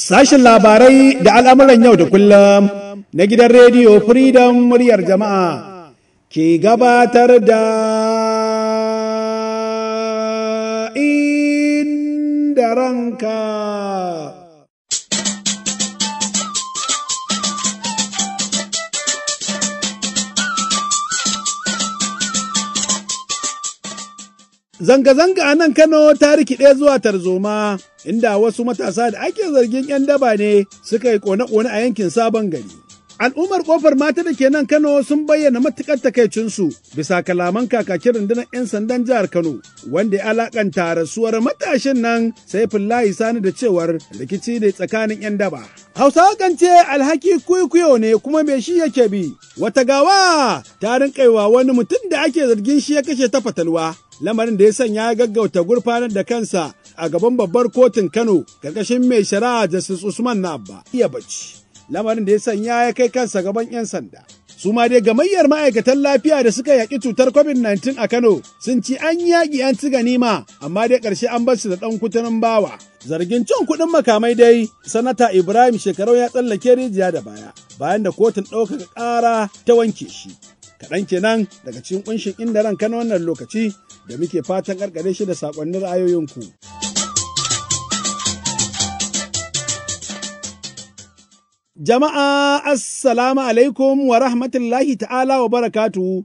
Sashen labarai da al'amuran yau da kullum na gidan rediyo Freedom muryar jama'a ke gabatar da inda ranka. Zanga-zanga a nan Kano ta rikide zuwa tarzoma. inda wasu matasa da ake zargin 'yan daba ne suka yi kone-kone a yankin sabon gari. Al'ummar kofar mata da ke nan Kano sun bayyana matuƙar takaicinsu bisa kalaman kakakin rundunar 'yan sandan jihar Kano wanda ya alakanta rasuwar matashin nan sai Fillahi Sani da cewar rikici ne tsakanin 'yan daba. Hausawa kan ce alhaki kuikuyo ne kuma me shi yake bi. Wata gawa ta rinƙaiwa wani mutum da ake zargin shi ya kashe ta fatalwa. Lamarin da ya sanya ya gaggauta gurfanar da kansa a gaban babbar kotun Kano karkashin mai shari'a Justice Usman na Abba iya bacci. Lamarin da ya sanya ya kai kansa gaban 'yan sanda. Su ma dai gamayyar ma'aikatan lafiya da suka yaki cutar COVID-19 a Kano sun ci an yaƙi an ci ganima amma dai ƙarshe an bar su da ɗan kutunin bawa. Zargin cin kuɗin makamai dai sanata Ibrahim shekarau ya tsallake rijiya da baya bayan da kotun ɗaukaka ƙara ta wanke shi. kaɗan kenan daga cikin ƙunshin inda ran Kano wannan lokaci da muke fatan karkare shi da saƙonnin ra'ayoyinku. ku. Jama'a assalamu alaikum wa rahmatullahi ta'ala wa barakatu.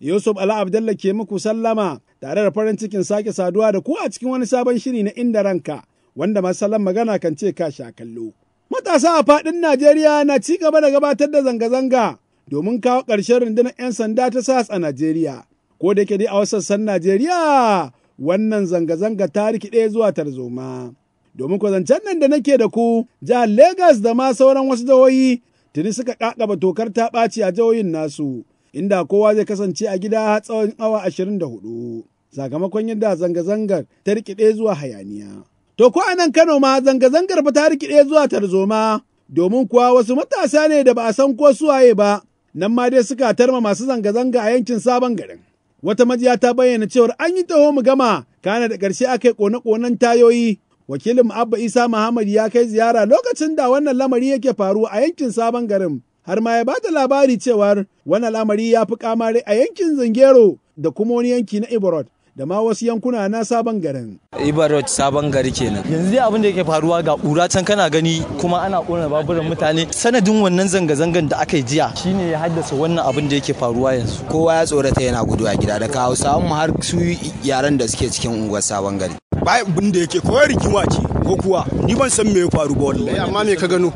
Yusuf Ala Abdallah ke muku sallama tare da farin cikin sake saduwa da ku a cikin wani sabon shiri na inda ranka wanda masallan magana kan ce ka sha kallo. Matasa a faɗin Najeriya na ci gaba da gabatar da zanga-zanga domin kawo ƙarshen rundunar 'yan sanda ta SAS a Najeriya. Ko da yake dai a wasu sassan Najeriya wannan zanga-zanga ta zuwa tarzoma. domin zancen nan da nake da ku jihar Legas da ma sauran wasu jihohi tuni suka kakaba tokar ta ɓaci a jihohin nasu inda kowa zai kasance a gida tsawon awa 24 sakamakon yadda zanga-zangar ta rikide zuwa hayaniya. To ko anan Kano ma zanga-zangar ba ta rikide zuwa tarzoma domin kuwa wasu matasa ne da ba a san ko suwaye ba nan ma dai suka tarma masu zanga-zanga a yankin sabon garin. Wata majiya ta bayyana cewar an yi taho mu gama kana da ƙarshe aka yi ƙone-ƙonen tayoyi wakilin abba isa muhammad ya kai ziyara lokacin da wannan lamari yake faru a yankin sabon garin har ma ya bada labari cewar wannan lamari ya fi kamari a yankin zangero da kuma wani yanki na ibrod da ma wasu yankuna na sabon garin. Ibarot sabon gari kenan. Yanzu dai abin da yake faruwa ga ƙura can kana gani kuma ana ƙona baburan mutane sanadin wannan zanga-zangan da aka yi jiya shine ya haddasa wannan abin da yake faruwa yanzu. Kowa ya tsorata yana gudu a gida da kawo samun har su yaran da suke cikin unguwar sabon gari. bayan abin da yake koyar rigima ce ko kuwa ni ban san me ya faru ba wallahi amma me ka gano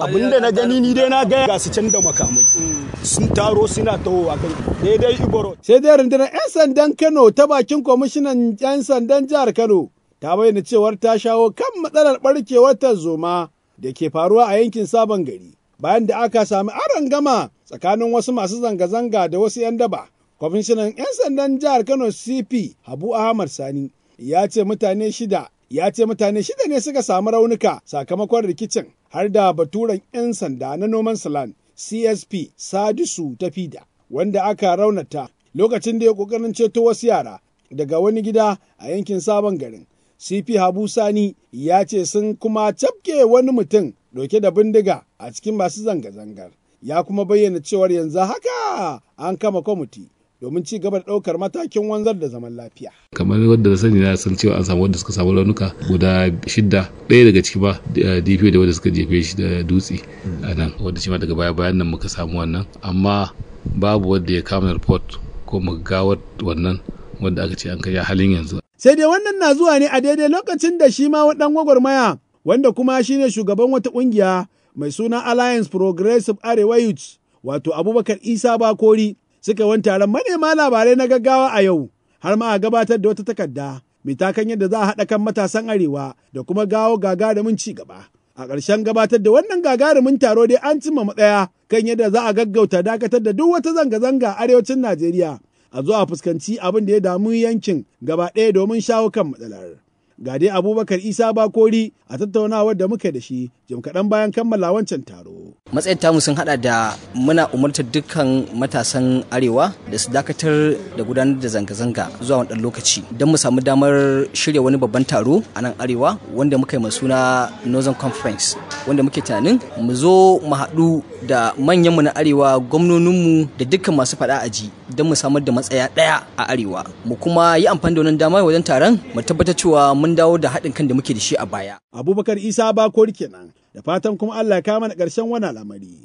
abin da na gani ni dai na ga ga su can da makamai sun taro suna taho a kai daidai iboro sai dai rundunar yan sandan Kano ta bakin kwamishinan yan sandan jihar Kano ta bayyana cewar ta shawo kan matsalar barkewar tarzoma da ke faruwa a yankin sabon gari bayan da aka sami gama tsakanin wasu masu zanga-zanga da wasu 'yan daba kwamishinan 'yan sandan jihar kano cp habu ahmad sani ya ce mutane shida ya ce mutane shida ne suka samu raunuka sakamakon rikicin har da baturen 'yan sanda na noman salan csp sadisu ta fida wanda aka raunata lokacin da ya kokarin ceto wasu yara daga wani gida a yankin sabon garin cp habu sani ya ce sun kuma cafke wani mutum dauke da bindiga a cikin masu zanga-zangar ya kuma bayyana cewar yanzu haka an kama kwamiti domin ci gaba da ɗaukar matakin wanzar da zaman lafiya. kamar wadda na sani na san cewa an samu wadda suka samu raunuka guda shidda ɗaya daga ciki ba dpo eh, da wadda suka jefe shi da dutse a nan wadda shi ma daga baya bayan nan muka samu wannan amma babu wadda ya kama report ko gawar wannan wadda aka ce an kai halin yanzu. sai dai wannan na zuwa ne a daidai lokacin da shi ma dan gwagwarmaya wanda kuma shine shugaban wata kungiya mai suna alliance progressive arewa youth wato abubakar isa bakori suka wani taron manema labarai na gaggawa a yau har ma a gabatar da wata takarda mai yadda za a haɗa kan matasan arewa da kuma gawo gagarumin ci gaba. A ƙarshen gabatar da wannan gagarumin taro dai an cimma matsaya kan yadda za a gaggauta dakatar da duk wata zanga-zanga a arewacin Najeriya a zo a fuskanci abin da ya damu yankin gaba ɗaya domin shawo kan matsalar. ga dai abubakar isa bakori a tattaunawar da muke da shi jim kaɗan bayan kammala wancan taro matsayin tamu sun hada da muna umartar dukkan matasan arewa da su dakatar da gudanar da zanga-zanga zuwa wani lokaci don mu samu damar shirya wani babban taro a nan arewa wanda muka yi suna northern conference wanda muke tunanin mu zo mu haɗu da manyanmu na arewa gwamnoninmu da dukkan masu faɗa a ji don mu samar da matsaya ɗaya a arewa mu kuma yi amfani da wannan dama wajen taron mu tabbatar cewa mun dawo da haɗin kan da muke da shi a baya. abubakar isa bakori kenan da fatan kuma allah ya kama na ƙarshen wani al'amari.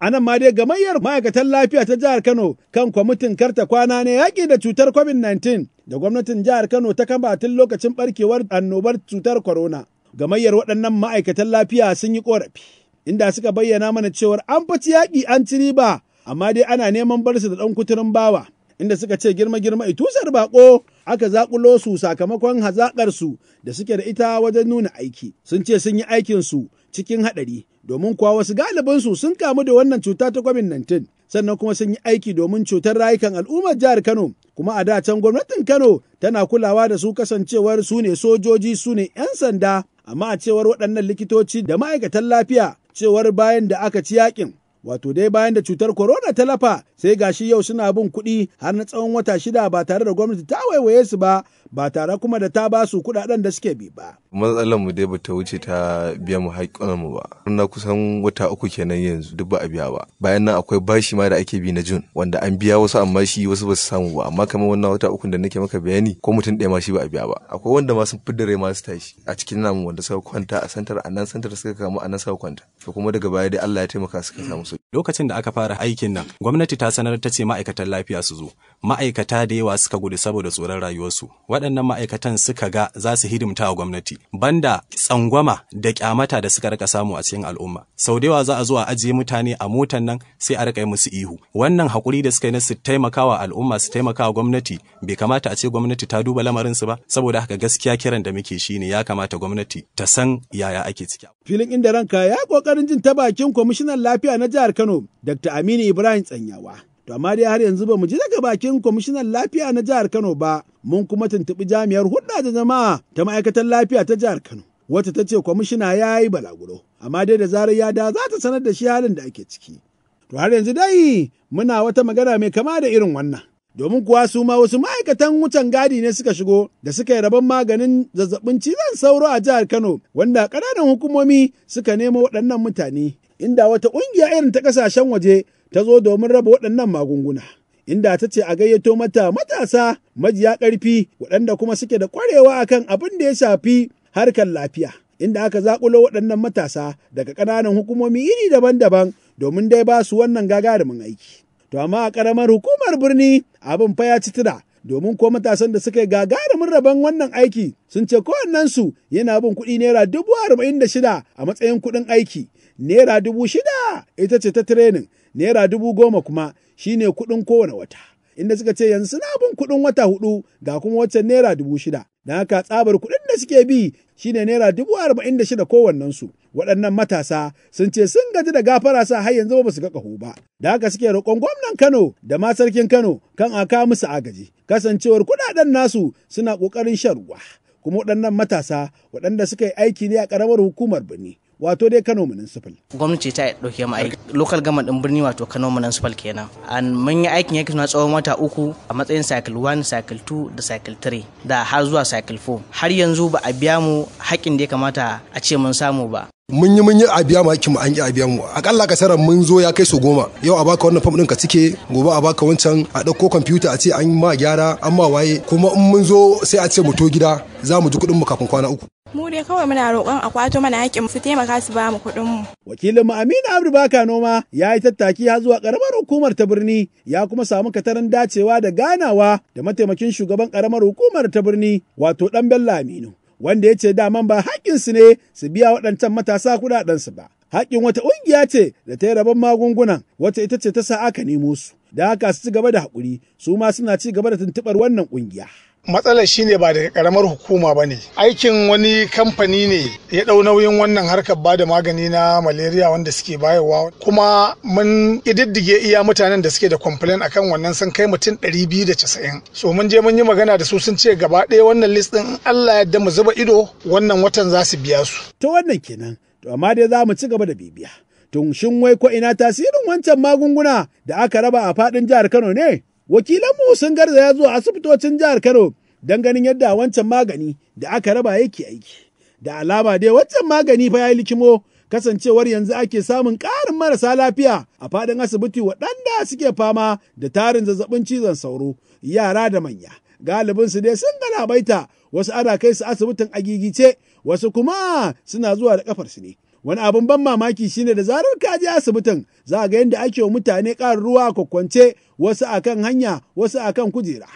anan ma dai gamayyar ma'aikatan lafiya ta jihar kano kan kwamitin karta kwana ne yaƙi da cutar covid-19 da gwamnatin jihar kano ta kama tun lokacin ɓarkewar annobar cutar corona Gamayyar waɗannan ma'aikatan lafiya sun yi ƙorafi, inda suka bayyana mana cewar an faci yaƙi an ci riba, amma dai ana neman barsu da ɗan kuturin bawa. Inda suka ce girma girma itusar baƙo aka zaƙulo su sakamakon hazaƙarsu da suke da ita wajen nuna aiki. Sun ce sun yi aikin su cikin haɗari, domin kuwa wasu galibin su sun kamu da wannan cuta ta COVID-19. sannan kuma sun yi aiki domin cutar rayukan al'ummar jihar Kano kuma a da can gwamnatin Kano tana kulawa da su kasancewar su ne sojoji su ne 'yan sanda amma a cewar waɗannan likitoci da ma'aikatan lafiya cewar bayan da aka ci yaƙin wato dai bayan da cutar corona ta lafa sai gashi yau suna bin kuɗi har na tsawon wata shida ba tare da gwamnati ta waiwaye su ba ba tare kuma da ta ba su kuɗaɗen da suke bi ba. Matsalar mu dai ba ta wuce ta biya mu haƙƙin mu ba. Na kusan wata uku kenan yanzu duk ba a biya ba. Bayan nan akwai bashi ma da ake bi na Jun wanda an biya wasu amma shi wasu ba su samu ba amma kamar wannan wata uku da nake maka bayani ko mutum ɗaya ma shi ba a biya ba. Akwai wanda ma sun fidda rai ma su tashi a cikin namu wanda suka kwanta a santar a nan santar suka kamu a nan suka kwanta. To kuma daga baya dai Allah ya taimaka suka samu su. Lokacin da aka fara aikin nan gwamnati ta sanar ta ce ma'aikatan lafiya su zo. Ma'aikata da yawa suka gudu saboda tsoron rayuwarsu. waɗannan ma'aikatan suka ga za su hidimta wa gwamnati banda tsangwama da kyamata da suka rika samu a cikin al'umma sau da za a zo a ajiye mutane a motan nan sai a rika musu ihu wannan hakuri da suka yi na su taimakawa al'umma su taimakawa gwamnati bai kamata a ce gwamnati ta duba lamarin su ba saboda haka gaskiya kiran da muke shine ya kamata gwamnati ta san yaya ake ciki filin inda ranka ya kokarin jin ta bakin kwamishinan lafiya na jihar Kano Dr. Aminu Ibrahim Tsanyawa To amma dai har yanzu ba mu ji daga bakin kwamishinan lafiya na jihar Kano ba, mun kuma tuntubi jami'ar hulɗa da jama'a ta ma'aikatar lafiya ta jihar Kano. Wata ta ce kwamishina ya yi balaguro, amma dai da zarar ya da za ta sanar da shi halin da ake ciki. To har yanzu dai muna wata magana mai kama da irin wannan. Domin kuwa su ma wasu ma'aikatan wucin gadi ne suka shigo da suka yi rabon maganin zazzabin cizon sauro a jihar Kano, wanda ƙananan hukumomi suka nemo waɗannan mutane. Inda wata ƙungiya irin ta ƙasashen waje ta zo domin raba waɗannan magunguna. Inda ta ce a gayyato mata matasa majiya ƙarfi waɗanda kuma suke da ƙwarewa akan abin da ya shafi harkar lafiya. Inda aka zaƙulo waɗannan matasa daga ƙananan hukumomi iri daban-daban domin dai ba su wannan gagarumin aiki. To amma a ƙaramar hukumar birni abin fa ya ci tura domin ko matasan da suka yi gagarumin rabon wannan aiki sun ce kowannensu yana bin kuɗi naira dubu arba'in da shida a matsayin kuɗin aiki naira dubu shida ita ce ta tirenin naira dubu goma kuma shine kuɗin kowane wata inda suka ce yanzu suna bin kuɗin wata hudu ga kuma waccan naira dubu shida da haka tsabar kuɗin da suke bi shine naira dubu arba'in da shida kowannensu waɗannan matasa sun ce sun gaji da gafara sa har yanzu ba su ga ƙaho ba da haka suke roƙon gwamnan kano da ma sarkin kano kan a kawo musu agaji kasancewar kuɗaɗen nasu suna ƙoƙarin shan ruwa kuma waɗannan matasa waɗanda suka yi aiki ne a ƙaramar hukumar birni wato dai Kano Municipal. Gwamnati ta dauke mu aiki local government din birni wato Kano Municipal kenan. An mun yi aikin yake na tsawon wata uku a matsayin cycle 1, cycle 2 da cycle 3 da har zuwa cycle 4. Har yanzu ba a biya mu haƙin da ya kamata a ce mun samu ba. mun yi mun yi a biya mu hakkin mu an yi a biya mu akalla ka sarar mun zo ya kai su goma yau a baka wannan fam ɗin ka cike gobe a baka wancan a ɗauko kwamfuta a ce an ma gyara an ma waye kuma in mun zo sai a ce mu to gida za mu ji kuɗin mu kafin kwana uku mu dai kawai muna roƙon a kwato mana haƙƙin su taimaka su ba mu kuɗin mu wakilin mu Aminu Abdu Baka Noma ya yi tattaki ya zuwa ƙaramar hukumar ta birni ya kuma samu katarin dacewa da ganawa da mataimakin shugaban ƙaramar hukumar ta birni wato ɗan Bello Aminu wanda ya ce daman ba haƙƙinsu ne su biya waɗancan matasa kuɗaɗensu ba haƙƙin wata ƙungiya ce da ta yi rabon magungunan wata ita ce ta sa aka nemo su da haka su ci gaba da haƙuri su ma suna ci gaba da tuntuɓar wannan ƙungiya. matsalar shine ba daga karamar hukuma ba ne aikin wani kamfani ne ya ɗau nauyin wannan harkar bada magani na malaria wanda suke bayarwa kuma mun ƙididdige iya mutanen da suke da complain akan wannan sun kai mutum 290 so mun je mun yi magana da su sun ce gaba ɗaya wannan list ɗin Allah ya yarda mu zuba ido wannan watan za su biya su to wannan kenan to amma dai za mu ci gaba da bibiya tun shin wai ko ina tasirin wancan magunguna da aka raba a faɗin jihar Kano ne wakilanmu sun garzaya zuwa asibitocin jihar kano don ganin yadda wancan magani da aka raba yake aiki da alama dai wancan magani fa ya likimo kasancewar yanzu ake samun ƙarin marasa lafiya a faɗin asibiti waɗanda suke fama da tarin zazzabin cizon sauro yara da manya galibin su dai sun galabaita wasu ana kai su asibitin agigice wasu kuma suna zuwa da ƙafarsu ne Wani abin ban mamaki shine da zarar ka je asibitin za ga yadda ake wa mutane ƙarin ruwa kwakwance wasu akan hanya wasu akan kujera.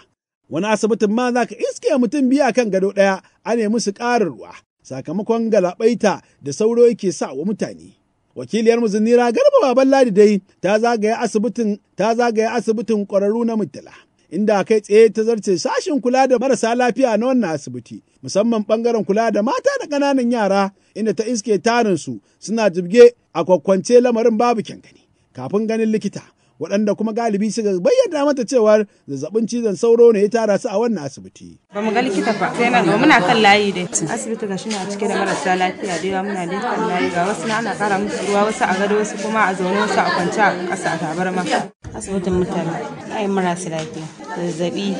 Wani asibitin ma za ka iske mutum biyu akan gado ɗaya a nemi su ƙarin ruwa sakamakon galabaita da sauro yake sa wa mutane. wakiliyar mu muzinira garba baban ladi dai ta zagaya asibitin ta zagaya asibitin ƙwararru na mutala inda kai tsaye ta zarce sashin kula da marasa lafiya na wannan asibiti musamman bangaren kula da mata da ƙananan yara inda ta iske tarin su suna jibge a kwakwance lamarin babu kyankani kafin ganin likita waɗanda kuma galibi suka bayyana mata cewar zazzabin cizon sauro ne ya tara su a wannan asibiti. Ba mu ga likita ba sai nan muna kan layi dai. Asibiti ga ne a cike da marasa lafiya da yawa muna dai kan layi ga wasu na ana ƙara musu ruwa wasu a gado wasu kuma a zaune wasu a kwance a ƙasa a tabarma. Asibitin mutane ai marasa lafiya zazzabi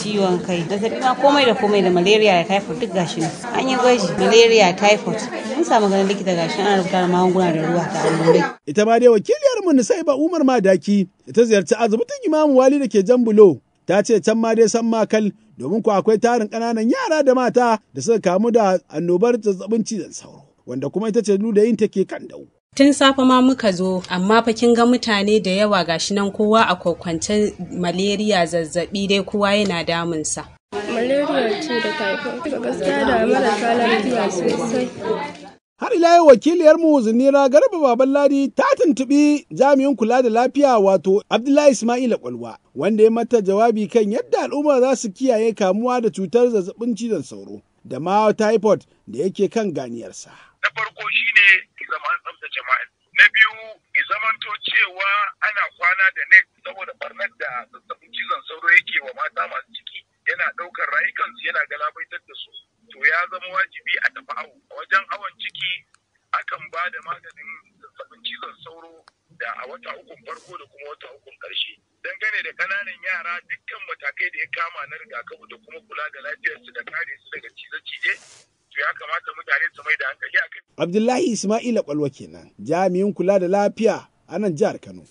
ciwon kai zazzabi ma komai da komai da malaria da typhoid duk gashi ne an yi gwaji malaria typhoid mun samu ganin likita gashi ana rubuta magunguna da ruwa ta allurai ita ma dai wakili sai ba Umar Madaki ta ziyarci asibitin Imam Wali da ke jan bulo ta ce can ma dai san makal domin ku akwai tarin kananan yara da mata da suka kamu da annobar zazzabin cizon sauro wanda kuma ita ce yin take kan dau. Tun safe ma muka zo, amma fa kin ga mutane da yawa gashi nan kowa a kwakwance malaria zazzabi dai kowa yana damunsa. Malaria ce da typhoid, gaskiya da marasa lafiya sosai. Har ila yau wakiliyarmu Zinira Garba baban ladi ta tuntuɓi jami'in kula da lafiya wato Abdullahi Ismaila Kwalwa wanda ya mata jawabi kan yadda al'umma za su kiyaye kamuwa da cutar zazzabin cizon sauro da ma typhoid da yake kan ganiyarsa. Na farko shine zaman tsaftace ma'aikata. na biyu zamanto cewa ana kwana da net saboda barnar da zazzabin cizon sauro yake wa mata masu ciki yana ɗaukar rayukansu yana galabaitar da su to ya zama wajibi a tafi awo a wajen awon ciki akan ba da maganin zazzabin cizon sauro da a wata ukun farko da kuma wata ukun ƙarshe dangane da kananan yara dukkan matakai da ya kama na rigakafi da kuma kula da lafiyarsu da kare su daga cize to ya kamata mutane su mai da hankali a kai. Abdullahi Ismaila Kwalwa kenan jami'in kula da lafiya a nan jihar Kano.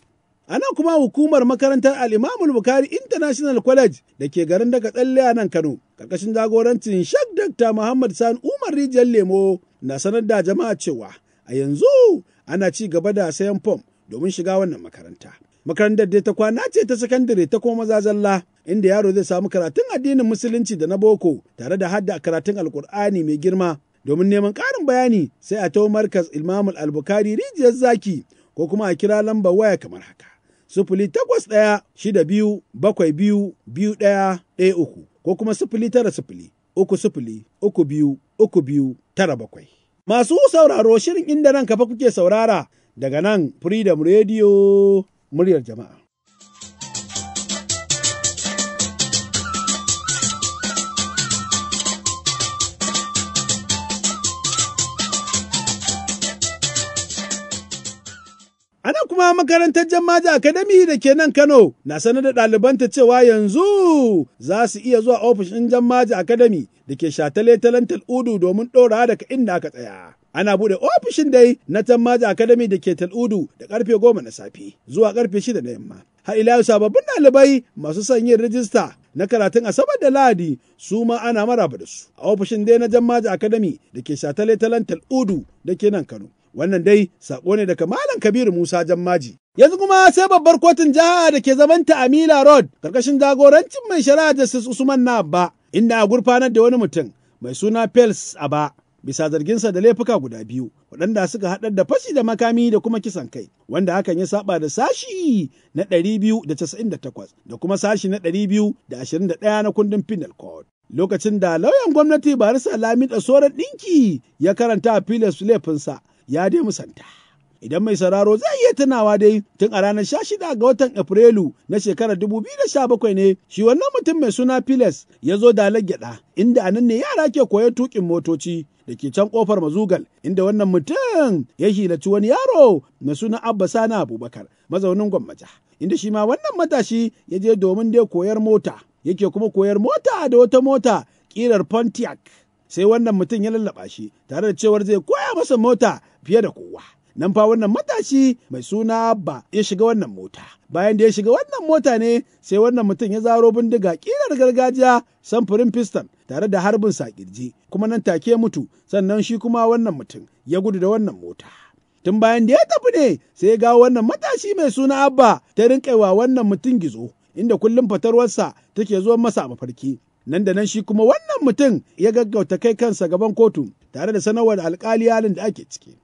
Ana nan kuma hukumar makarantar Al'imamul Bukari International College da ke garin daga tsalle a nan Kano, ƙarƙashin jagorancin Sheikh Dr. Muhammad San Umar Rijiyar Lemo na sanar da jama'a cewa a yanzu ana ci gaba da sayan fom domin shiga wannan makaranta. Makarantar dai ta kwana ce ta sakandare ta kuma mazazalla inda yaro zai samu karatun addinin musulunci da na boko tare da hadda karatun alkur'ani mai girma domin neman ƙarin bayani sai a tawo markas Imamul Albukari Rijiyar Zaki ko kuma a kira lambar waya kamar haka. sufuli takwas ɗaya shida biyu bakwai biyu biyu ɗaya ɗaya uku ko kuma sufuli tara sufuli uku sufuli uku biyu uku biyu tara bakwai. Masu sauraro shirin inda nan kafa kuke saurara daga nan Freedom Radio muryar jama'a. kuma makarantar Jammaja Academy da ke nan Kano na sanar da ɗalibanta cewa yanzu za su iya zuwa ofishin jammaje Academy da ke shatale talental udu domin ɗora daga inda aka tsaya. Ana buɗe ofishin dai na Jammaja Academy da ke tal'udu da karfe goma na safe zuwa karfe shida na yamma. Har ila sababbin ɗalibai masu son yin rijista na karatun Asabar da Lahadi su ma ana maraba da su a ofishin dai na jammaje Academy da ke shatale talental udu da ke nan Kano. Wannan dai sako ne daga Malam Kabiru Musa Jammaji. Yanzu kuma sai babbar kotun jiha da ke zamanta a Mila Road karkashin jagorancin mai shari'a Justice Usman na Abba inda a gurfanar da wani mutum mai suna Pels ba bisa zarginsa da laifuka guda biyu waɗanda suka haɗar da fashi da makami da kuma kisan kai wanda hakan ya saba da sashi na 298 da kuma sashi na 221 na kundin penal code lokacin da lauyan gwamnati barisa lami da soran ɗinki ya karanta a filin laifinsa ya dai musanta. Idan mai sauraro zai iya tunawa dai tun a ranar shida ga watan Afrilu na shekarar dubu biyu da sha bakwai ne shi wannan mutum mai suna Piles ya zo dalar gyaɗa inda a nan ne yara ke koyar tukin motoci da ke can kofar mazugal inda wannan mutum ya hilaci wani yaro mai suna Abba Sani Abubakar mazaunin gwammaja inda shi ma wannan matashi ya je domin dai koyar mota yake kuma koyar mota da wata mota kirar Pontiac sai wannan mutum ya lallaba shi tare da cewar zai koya masa mota fiye da kowa. Nan fa wannan matashi mai suna ba ya shiga wannan mota. Bayan da ya shiga wannan mota ne sai wannan mutum ya zaro bindiga ƙirar gargajiya samfurin piston tare da harbin sa kuma nan take mutu sannan shi kuma wannan mutum ya gudu da wannan mota. tun bayan da ya tafi ne sai ga wannan matashi mai suna abba ta rinƙaiwa wannan mutum gizo inda kullum fatarwarsa take zuwa masa a mafarki nan da nan shi kuma wannan mutum ya gaggauta kai kansa gaban kotu tare da sanarwar alkali halin da ake ciki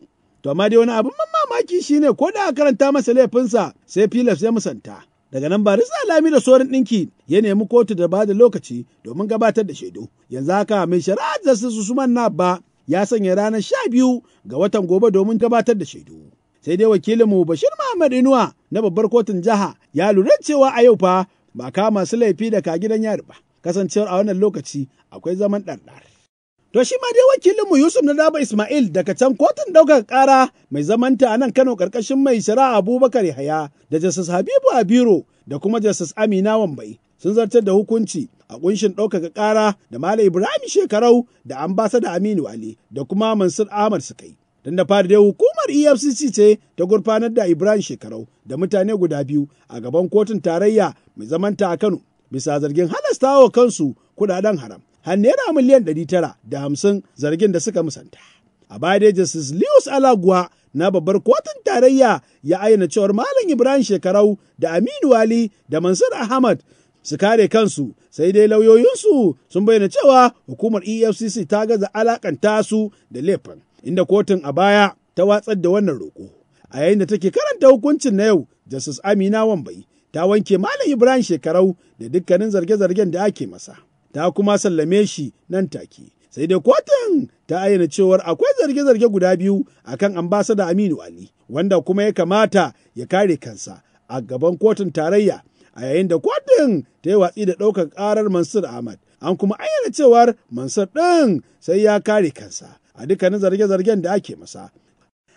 To amma dai wani abin mamaki shine ko da karanta masa laifinsa sai filas ya musanta. Daga nan baris Alami da sorin ɗinki ya nemi kotu da bada lokaci domin gabatar da shaidu. Yanzu haka mai shari'a Justice Usman Nabba ya sanya ranar sha biyu ga watan gobe domin gabatar da shaidu. Sai dai wakilinmu Bashir Muhammad Inuwa na babbar kotun jiha ya lura cewa a yau fa ba kama su laifi da ka gidan yari ba. Kasancewar a wannan lokaci akwai zaman ɗarɗar. To shi ma dai wakilinmu Yusuf na Daba Ismail daga can kotun ɗaukar ƙara mai zamanta a nan Kano ƙarƙashin mai shari'a Abubakar Yahaya da Justice Habibu Abiro da kuma Justice Amina Wambai sun zartar da hukunci a kunshin ɗaukaka ƙara da Malam Ibrahim Shekarau da ambasada Aminu Ali da kuma Mansur Ahmad su kai. da fari dai hukumar EFCC ce ta gurfanar da Ibrahim Shekarau da mutane guda biyu a gaban kotun tarayya mai zamanta a Kano bisa zargin halasta wa kansu kuɗaɗen haram. har naira miliyan 950 zargin da suka musanta. A baya dai Justice Lewis Alaguwa na babbar kotun tarayya ya ayyana cewar Malam Ibrahim Shekarau da Aminu Wali da Mansur Ahmad su kare kansu sai dai lauyoyinsu sun bayyana cewa hukumar EFCC ta gaza alakanta su da laifin inda kotun a baya ta watsar da wannan roƙo. A yayin da take karanta hukuncin na yau, Justice Amina Wambai ta wanke Malam Ibrahim Shekarau da dukkanin zarge-zargen da ake masa. ta kuma sallame shi nan take. Sai dai kotun ta ayyana cewar akwai zarge-zarge guda biyu a kan ambasada Aminu Ali, wanda kuma ya kamata ya kare kansa a gaban kotun tarayya a yayin da kotun ta yi watsi da ɗaukar ƙarar Mansur Ahmad. An kuma ayyana cewar Mansur ɗin sai ya kare kansa a dukkanin zarge-zargen da ake masa.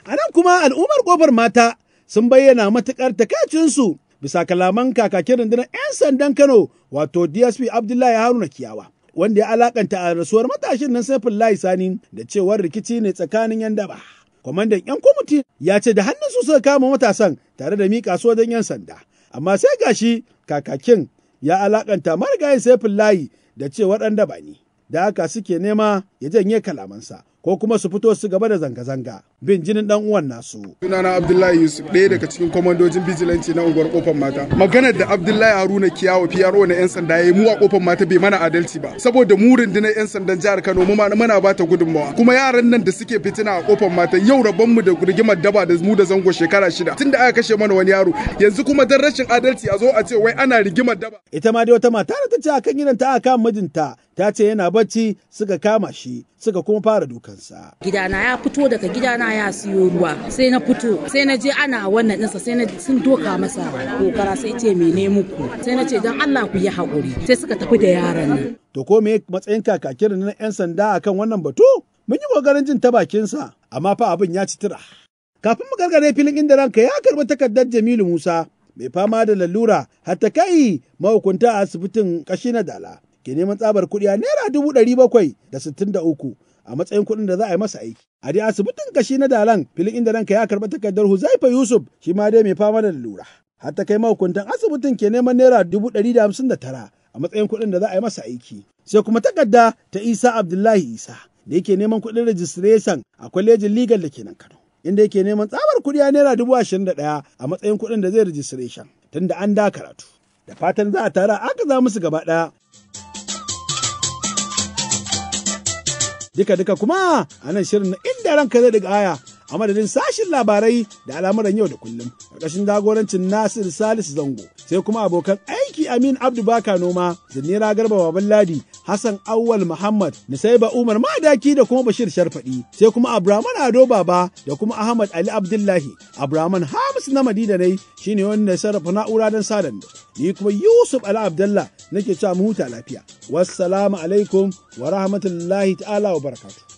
A nan kuma al'ummar ƙofar mata sun bayyana matuƙar takaicinsu bisa kalaman kakakin rundunar 'yan sandan Kano wato DSP Abdullahi Haruna Kiyawa. Wanda ya alakanta a rasuwar matashin nan sai Fulai Sani da cewar rikici ne tsakanin 'yan daba. Kwamandan 'yan kwamiti ya ce da hannun su suka kama matasan tare da miƙa su wajen 'yan sanda. Amma sai gashi kakakin ya alakanta marigayin Fulai da cewar ɗan daba ne. Da haka suke nema ya janye kalamansa. ko kuma su fito su gaba da zanga-zanga bin jinin dan uwan nasu. Sunana Abdullahi Yusuf ɗaya daga cikin kwamandojin bijilanci na unguwar kofar mata. Maganar da Abdullahi Haruna kiyawa PRO na 'yan sanda ya yi mu a kofar mata bai mana adalci ba saboda mu rundunar 'yan sandan jihar Kano mu ba bata gudunmawa kuma yaran nan da suke fitina a kofar mata yau rabon mu da rigimar daba da mu da zango shekara shida tun da aka kashe mana wani yaro yanzu kuma dan rashin adalci a zo a ce wai ana rigimar daba. Ita ma dai wata mata ta ce akan gidan ta aka mijinta ta ce yana bacci suka kama shi suka kuma fara dukansa. Gidana ya fito daga gidana ya siyo ruwa sai na fito sai na je ana wannan ɗinsa sai na sun doka masa kokara sai ce mene muku sai na ce don Allah ku yi haƙuri sai suka tafi da yaran nan. To ko me matsayin kakakin na 'yan sanda akan wannan batu? Mun yi ƙoƙarin jin ta bakinsa amma fa abin ya ci tura. Kafin mu gargare filin inda ranka ya karɓi takardar Jamilu Musa mai fama da lalura hatta kai mahukunta a asibitin kashi na dala ke neman tsabar kuɗi a naira dubu ɗari bakwai da sittin da uku a matsayin kuɗin da za a yi masa aiki. A dai asibitin kashi na Dalan filin inda ranka ya karɓi takardar Huzaifa Yusuf shi ma dai mai fama da lura. Har ta kai mahukuntan asibitin ke neman naira dubu ɗari da hamsin da tara a matsayin kuɗin da za a yi masa aiki. Sai kuma takarda ta Isa Abdullahi Isa da yake neman kuɗin rijistireshan a kwalejin legal da ke nan Kano. Inda yake neman tsabar kuɗi a naira dubu ashirin da ɗaya a matsayin kuɗin da zai tun tunda an da karatu. Da fatan za a tara aka za musu gaba ɗaya duka duka kuma a nan shirin na inda ranka zai daga aya a madadin sashin labarai da al'amuran yau da kullum ƙarƙashin jagorancin Nasir Salisu Zango sai kuma abokan aiki Amin Abdu Baka Noma Zanira Garba Baban Ladi Hassan Awwal Muhammad, Nusaiba Umar Madaki da kuma Bashir Sharfaɗi, sai kuma Abraman Ado Baba da kuma Ahmad Ali Abdullahi. Abraman Hamis na Madina ne shine wanda sarrafa na'ura don sadan. Ni kuma Yusuf Ali Abdullah nake cewa mu huta lafiya. Wassalamu alaikum wa rahmatullahi ta'ala wa barakatuh.